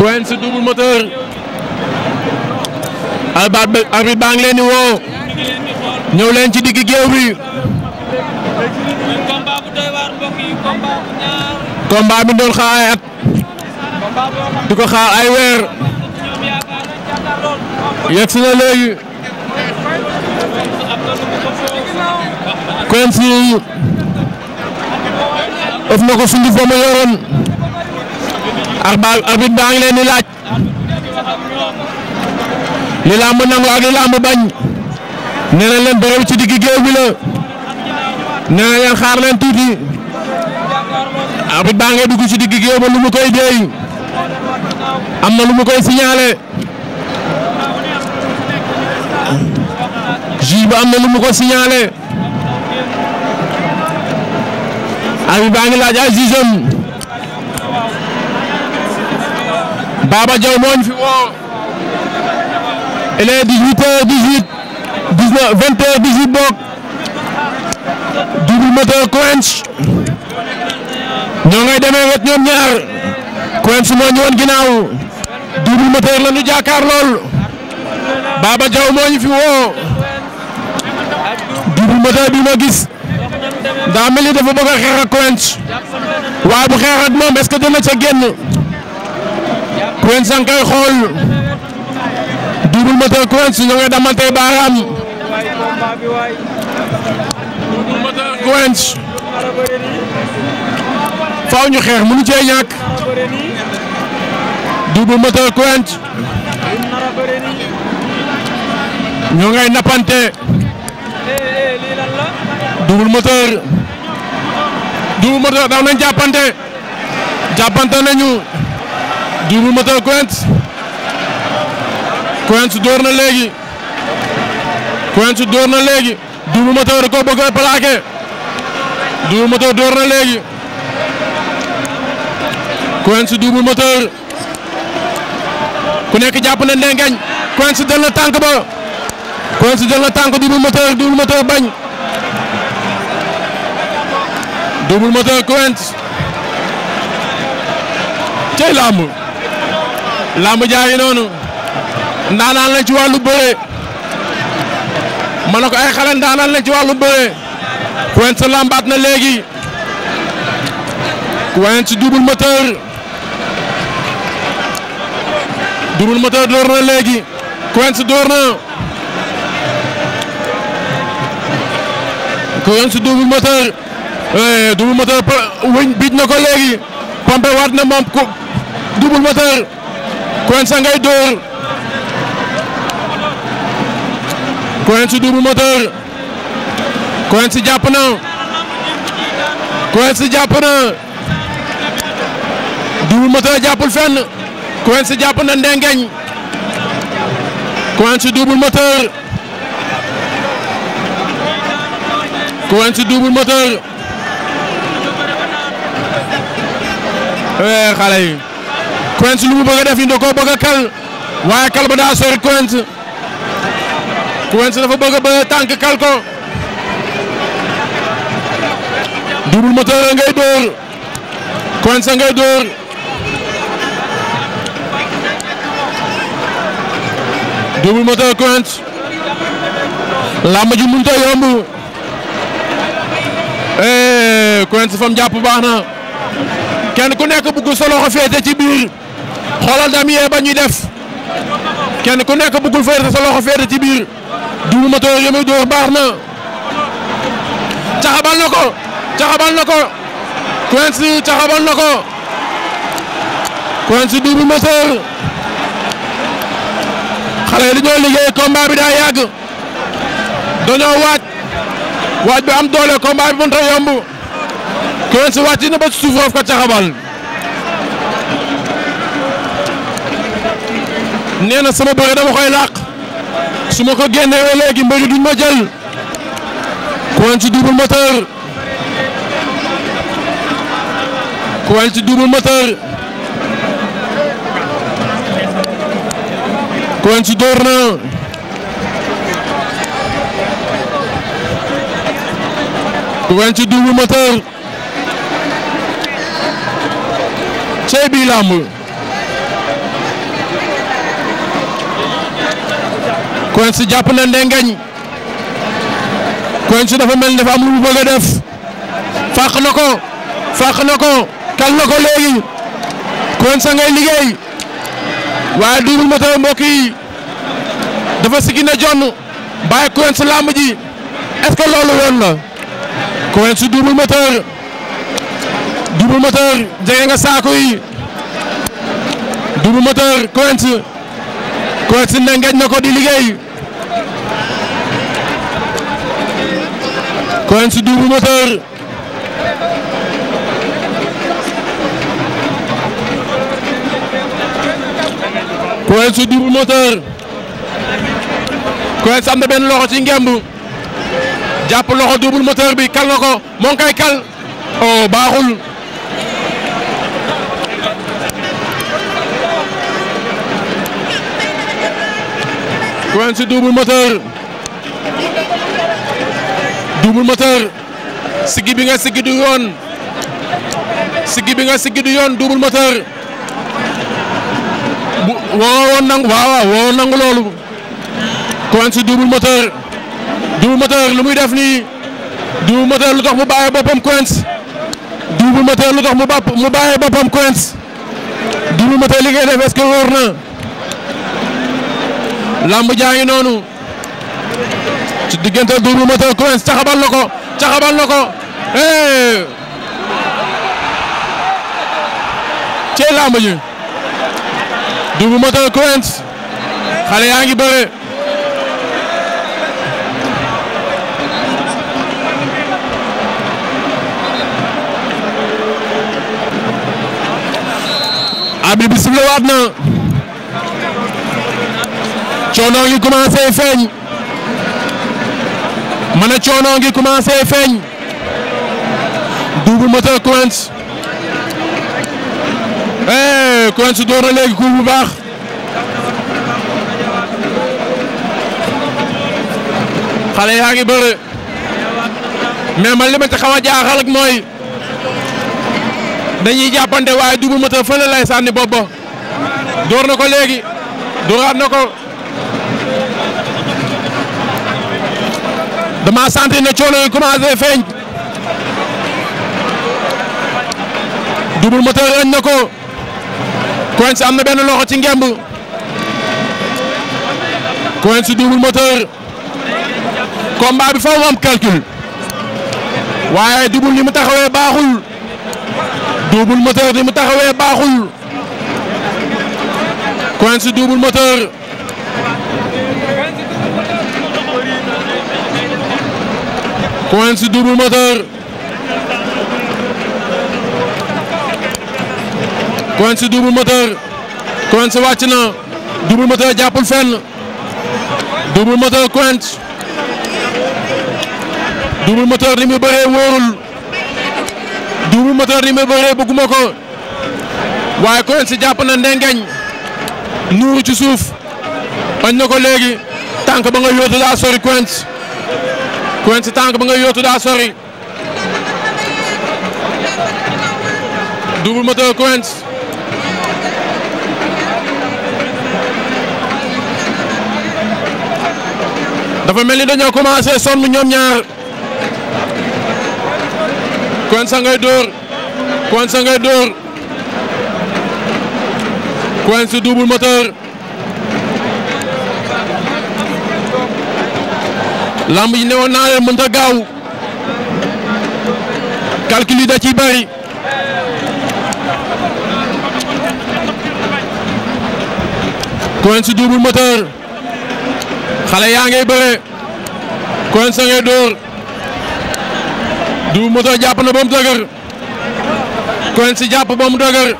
Quench Double Moteur albaat arbit baa ngi leen woo ñëw leen ci digg géew bi combat bi doon xaar ay at di ko xaar ay weer yegsi na léegi Quench ëf na ko sunguf ba mu yoroon arbitre baa ngi leen di laaj li làmb nangu ak li bañ nee leen borom ci digg géew bi la nee leen xaar leen tuuti arbitre baa ngi dugg ci digg géew ba lu koy déey am na lu mu koy signalé juge ma am na lu mu ko signalé arbitre baa ngi laaj ay jugeem Baba Diaw mooñ fi woo il est 18h18 19 20h18 boog double ngay demee wet ñoom ñaar Quench moo ñu woon ginnaaw double moteur la ñu jàkkaar lool Baba mooñ fi woo double moteur bi ma gis daa mel ni dafa bëgg a xeex ak Quench waaye bu xeex ak moom est-ce que dina ca génn. Quench sang koy xool Double Moteur Quench ñoo ngi damante baaraam Double Moteur Quench ñu xeex mënu cee ñàkk Double Moteur Quench ñoo ngay nappante Double Moteur Double Moteur daaw nañ jàppante jàppante nañu duubu mëtal Quench Quench door na léegi Quench door na léegi duubu mëtal da koo bëgg a plaqué duubu door na léegi Quench duubu mëtal ku nekk jàpp na ndengeñ Quench jël na tànk ba Quench jël na tànk duubu mëtal duubu mëtal bañ duubu mëtal Quench cey làmb làmb jaay noonu ndaanaan la ci wàllu bëre ma ko ay xale ndaanaan la ci wàllu bëre Quench làmbaat na léegi Quench double moteur double moteur door na léegi Quench door na Quench double moteur eh, double moteur wëñ biij ko léegi pompe waat na moom double moteur Coensa ngay dóor Coensa Double Moteur Coensa jàpp na Coensa jàpp na Double Moteur jàppul ndengeñ Coensa Double Moteur Coensa Double Moteur eh, Quench lu mu bëgg a def ko bëgg kal waaye kal ba daa sori Quench Quench dafa bëgg a bëgg kal ko Double Moteur ngay dóor Quench ngay dóor Double Moteur Quench làmb ji mënut a yomb eh, Quench fam jàpp baax na kenn ku nekk bëgg sa loxo féete ci biir xoolal damier ba ñuy def kenn ku nekk bëggul féete sa loxo féete ci biir duubu moteur yi muy dóor baax na caxabal na ko caxabal na ko Quench caxabal na ko Quench duubu moteur liggéey combat bi daa yàgg dañoo waaj waaj bi am doole combat bi mënut a yomb Quench wàcc na ba suuf roof ko caxabal nee na sama bëre dama koy làq su ma ko génnee léegi mbëri duñ ma jël Quench double moteur Quench double moteur Quench door na Quench double moteur cey bi làmb Quench jàpp na dafa mel ni dafa am lu mu bëgg def fàq na ko fàq na ko kal na ko léegi Quench sa ngay liggéey waaye Double Moteur mbokk yi dafa siggi na jonn bàyyi Quench sa ji est loolu yoon la Quench Double Moteur jege nga saako yi Double Moteur Quench Quench ne na ko di liggéey Quench Double Moteur Quench Double Moteur Quench am na loxo ci ngemb jàpp loxo Double Moteur bi kal na ko moo ngi koy oh, baaxul Double Moteur siggi bi nga siggi du yoon siggi bi nga siggi du yoon Double Moteur bu woo nangu waaw waaw woo nangu loolu kon si Double Moteur Double Moteur lu muy def nii Double Moteur lu tax mu bàyyi boppam Quench Double Moteur lu tax mu bàpp mu bàyyi boppam Quench Double Moteur li ngay def est-ce que wóor na lamb jaa ngi noonu ci diggante Double Moteur Quench caxabal na ko caxabal na ko cee làmb ji Double Moteur Quench xale yaa ngi bëre abi bi siflewaat na coono ngi commencé feeñ ma ne coono ngi commencé feeñ Double Moteur Quench eh Quench door léegi ku bu baax xale yaa ngi bëre mais man li ma ci xaw a jaaxal ak mooy dañuy jàppante waaye Double Moteur fële lay sànni bopp ba ko léegi dooraat na ko. ma sentir na coono yi commencé feeñ. Double Moteur añ na ko. Quench am na benn loxo ci ngemb. Quench Double Moteur. combat bi faaw mu am calcul. waaye Double ni mu taxawee baaxul. Double Moteur ni mu taxawee baaxul. Quench Double Moteur. Quench Double Moteur Quench Double Moteur Quench wàcc na Double Moteur jàppul fenn Double Moteur Quench Double Moteur li mu bëree wóorul Double Moteur li mu bëree bëgguma ko waaye Quench jàpp na ndengeñ nuuru ci suuf añ na ko léegi tànk ba nga yóotu daa sori Quench si tànk ba nga yóotu daa sori Double Moteur Quench dafa mel ni dañoo commencé sonn ñoom ñaar Quench sa ngay dóor Quench dóor Quench si Double Moteur lamb yi newoon naa leen mënta gaaw calcul yi da ciy bëri Quench xale yaa ngay bëre Quench sa ngay dóor Double Moteur jàpp na ba mu dëgër Quench jàpp ba mu dëgër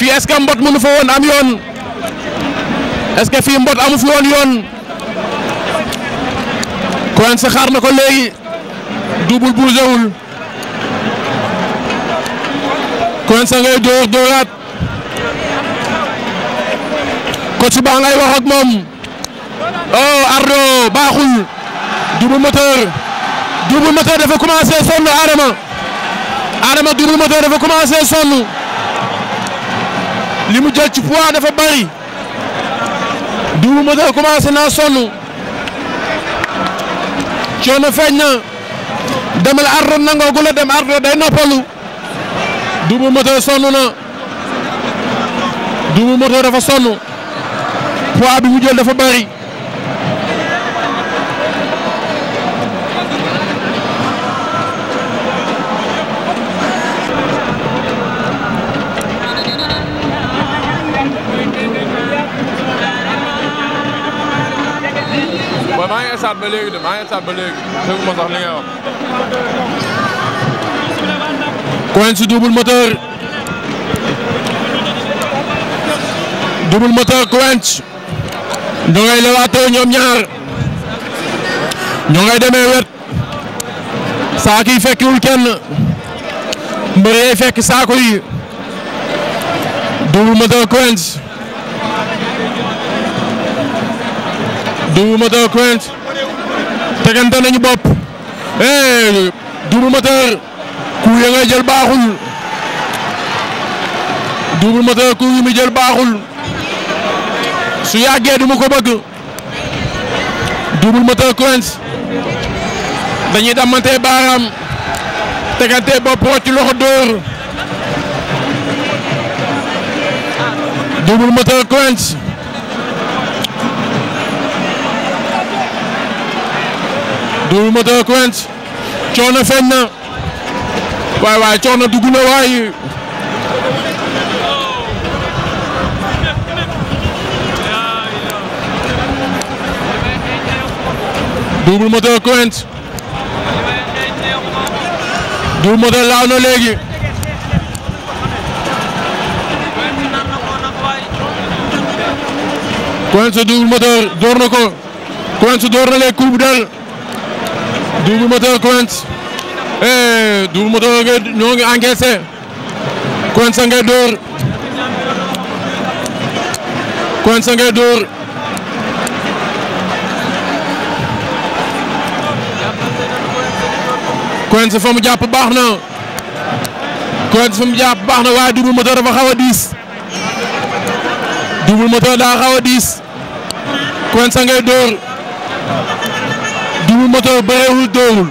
fii est mbot mënu fa woon am yoon est-ce fii mbot amu fi woon yoon Quench xaar na ko léegi Double bougé wul Quench ngay dóor dóoraat coach ba ngay wax ak moom oh Ardo baaxul Double Moteur Double Moteur dafa commencé sonn Adama Adama Double Moteur dafa commencé sonn li mu jël ci poids dafa bari Double Moteur commencé naa sonn. coono feeñ na demal ardo nangoogu la dem ardo day noppalu Double Moteur sonn na Double Moteur dafa sonn poids bi mu jël dafa bari maa ngi stade ba léegi de maa ngi stade ba léegi déggu double moteur. double yi fekkiwul kenn. saako yi. double moteur Quench. Double Moteur Quench tegante nañu bopp eh Double Moteur ku jël baaxul Double Moteur ku mu jël baaxul su yàggee du mu ko bëgg Double Moteur Quench dañuy damante baaraam tegante bopp rocc loxo dóor Double Moteur Double Moteur Quench coono feeñ na waay waay coono dugg na waay Double Moteur Quench Double Moteur laaw na léegi Quench Double Moteur door na ko Quench door na léegi coup bu dal Double Moteur Quench eh Double Moteur ñoo ngi encaissé Quench dóor Quench sa fa mu jàpp baax na Quench fa mu jàpp baax na waaye Double Moteur dafa xaw a diis Double Moteur daa xaw a diis Quench moteur bëreewul dóorul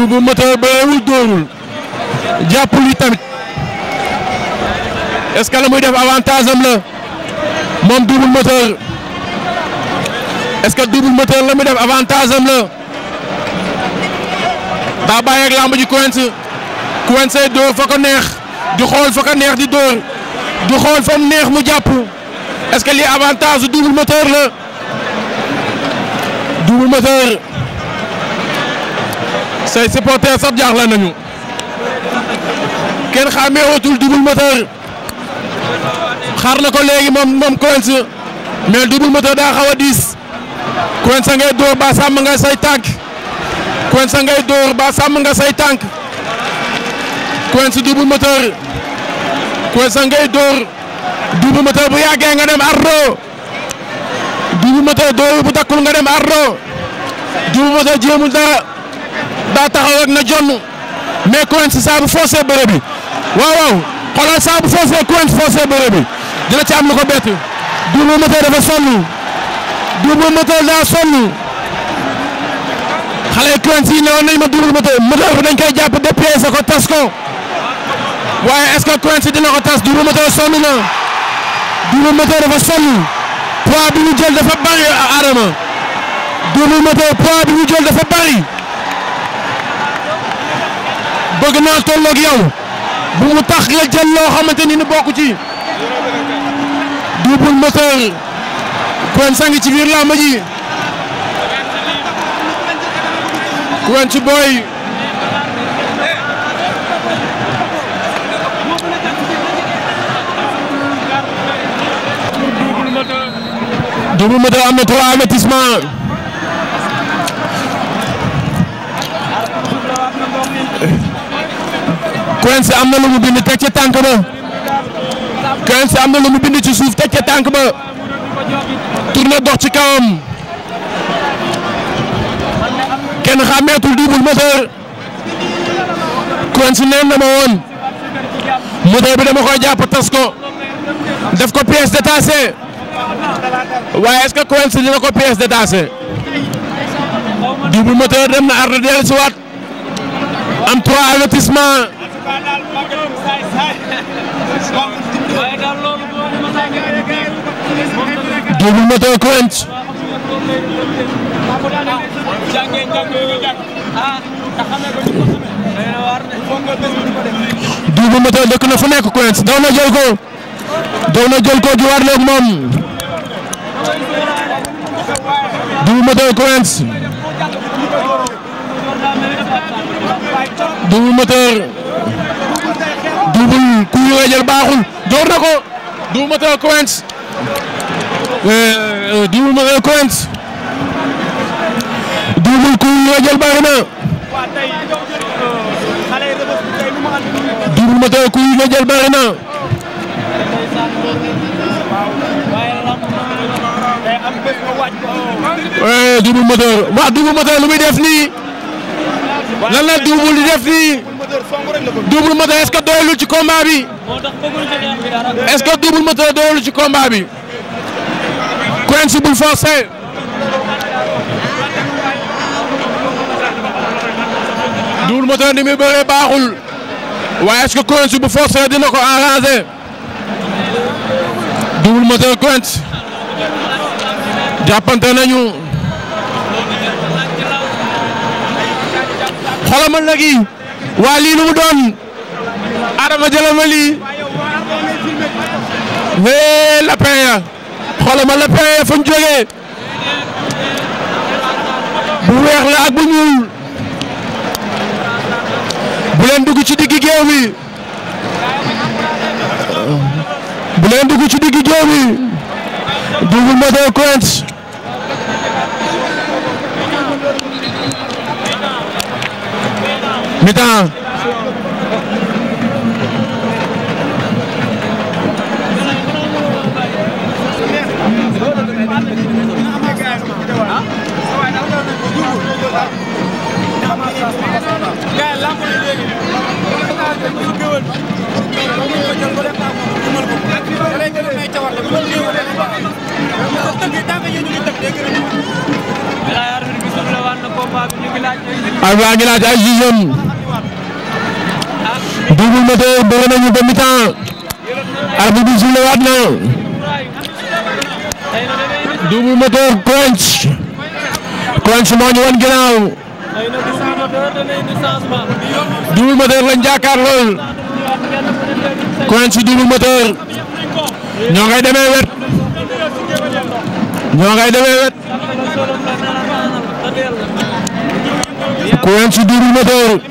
double moteur bëreewul dóorul jàppul yi tamit est-ce que la muy def avantage la moom double moteur est-ce que double moteur la muy def avantage am la daa bàyyi ak làmb ji coince coince dóor fa ko neex di xool fa ko neex di dóor di xool fa mu neex mu jàpp est-ce que avantage double moteur la. Double Moteur say supporters sax jaaxle nañu kenn xàmmee watul Double Moteur xaar na ko léegi moom moom Quench mais Double Moteur daa xaw diis Quench ngay dóor ba sàmm nga say tànk Quench ngay dóor ba sàmm say tànk Quench Double Moteur Quench ngay dóor Double Moteur bu yàggee nga dem Double Moteur doo bu takkul nga dem Ardo Double Moteur jéemul dara daa taxaw rek na jonn mais Quench saa bu forcé bëre bi waaw waaw xoolal saa bu dina ci am lu ko bett Double Moteur dafa sonn Double Moteur daa sonn xale yu Quench yi newoon nañ ma Double Moteur moteur bi dañ koy jàpp ko tas ko waaye est-ce que Quench dina ko tas Double Moteur sonn na Double Moteur dafa sonn. poids bi ñu jël dafa bari Adama Double Moteur poids bi ñu jël dafa bari bëgg naa tolloog yow bu mu tax nga jël loo xamante ni bokku ci Double Moteur Quench ci biir làmb ji Quench booy Double Moteur am na trois avertissement Quench am na lu mu bind teg ca ba Quench am na lu mu bind ci suuf teg ca tànk ba tourné dox ci kawam neen na ma woon bi dama koy jàpp tas ko def ko pièce détachée waaye est-ce que Quench dina ko pièce détachée double moteur dem na ardo dellu si waat am trois avertissement double moteur Quench double moteur dëkk na fu nekk Quench daw na jël ko daw na jël ko juwaat loog moom Double Moteur Quench Double Moteur Double ku ñu koy jël baaxul door na ko Double Moteur Quench eh, eh, Double Moteur Quench Double ku ñu koy jël baax na Double Moteur ku ñu koy jël baax na Eh, Double Moteur waaw Double Moteur lu muy def nii lan la Double di def nii Double Moteur est-ce que doyul ci combat bi est-ce que Double Moteur doyul ci combat bi. Quench bul forcé Double Moteur ni baaxul waaye est-ce que Quench bu forcé dina ko arranger Double Moteur jàppante nañu xolamal nag yi waa lii lu mu doon Adama jëlama lii wee lapin ya xolamal lapin ya fañ jógee bu weex la ñuul bu leen dugg ci diggi géew bi bu ci diggi géew bi Double Moteur mi-temps a waa ngi laaj ay jigéen Double Moteur bëre nañu ba mi-temps arbitre bi sulle waat na Double Moteur Quench wan ginnaaw Double Moteur lañ jàkkaar lool Quench Double Moteur ñoo ngay demee ñoo ngay demee wet Quench Double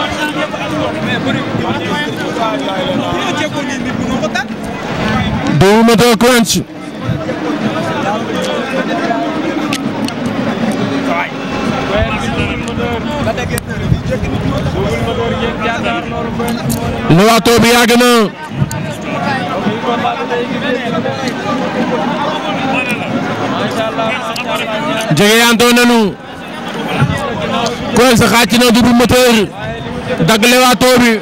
Double Moteur Quench lewaatoo bi yàgg na jege yaantoo nanu Quench xàcc na Double Moteur dagg lewaatoo bi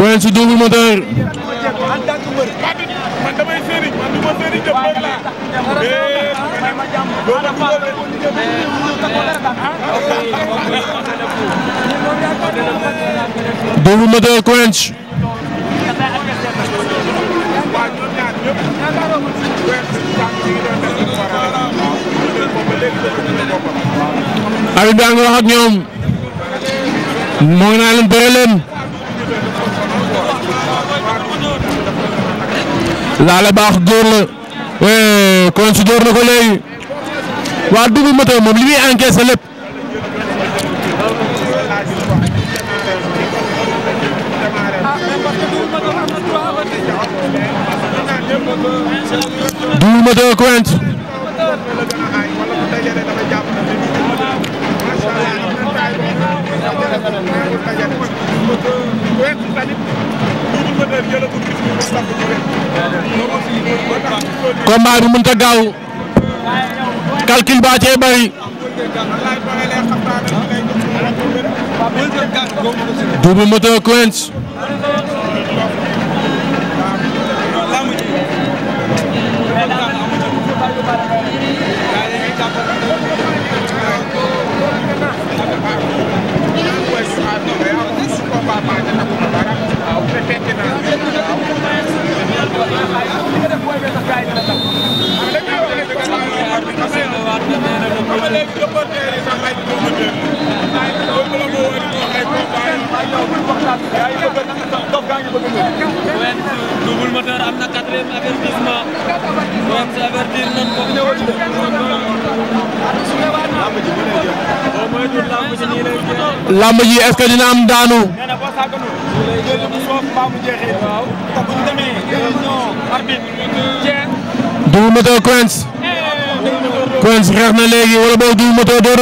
Quench Double Moteur Double Moteur Quench Habib yaa ngi wax ak ñoom moo ngi naa leen bëre leen laala baax dóor la eh, kon si dóor na ko léegi waa Double Moteur moom li muy encaissé lépp Double Moteur Quench combat bi mënut a gaaw calcul baa cee bari. Double Moteur Quench lamb ji est-ce que dina am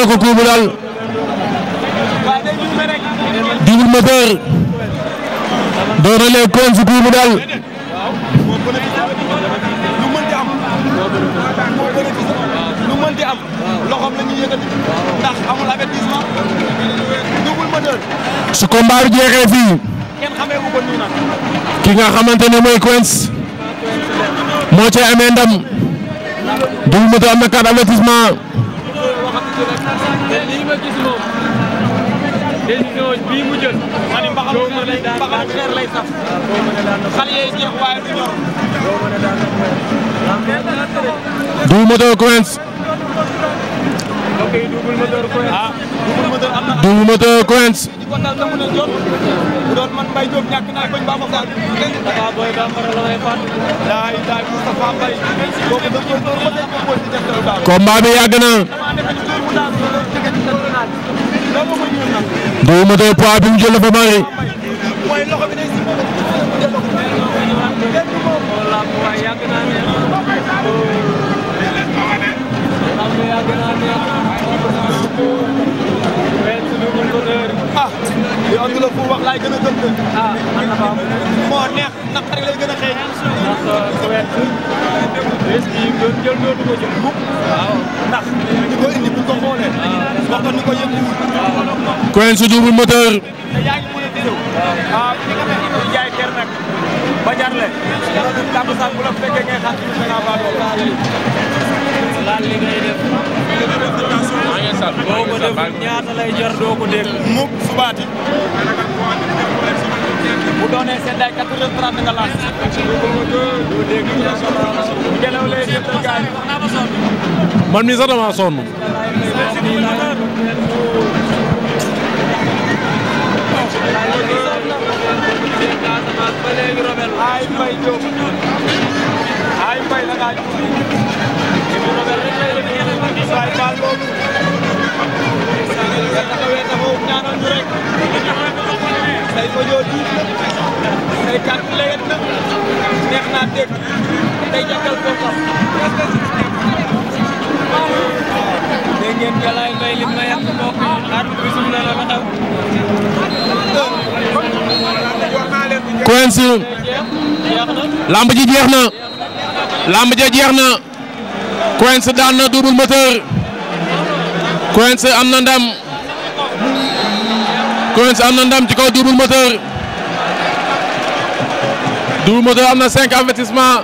ko kuubu daal. su combat bi jeexee fii ki nga xamante ne mooy Quench moo cay amee ndam Double Moteur am na du ñor. Double ah Double Moteur Quench. combat bi yàgg na. Double Moteur poids bi mu jël dafa bari. ah yow am na la fu wax laay gën a gëm de. ah man la faaw. moo neex naqari lay gën a xeeñ. ndax nawet bi bés bi gën jël dootu ko jël. waaw ndax ñu ko indi bu ko xoolee. waaw wax ko ñu ko yëg ñu. waaw Quench Double Moteur. te yaa ngi mën a déglu. waaw li nga xam ne jaay ker nag ba jarle. loolu tàmm sax bu la fekkee ngay xaar ci ñu gën a laal li ngay ñaata lay jar doo ko dégg. subaati. bu doonee seddaay quatre heures trente man mii sax damaa ay mbay Quench ji jeex na lamb ji jeex na Quench daan na double moteur Quench am na ndam double moteur double moteur am na cinq avertissement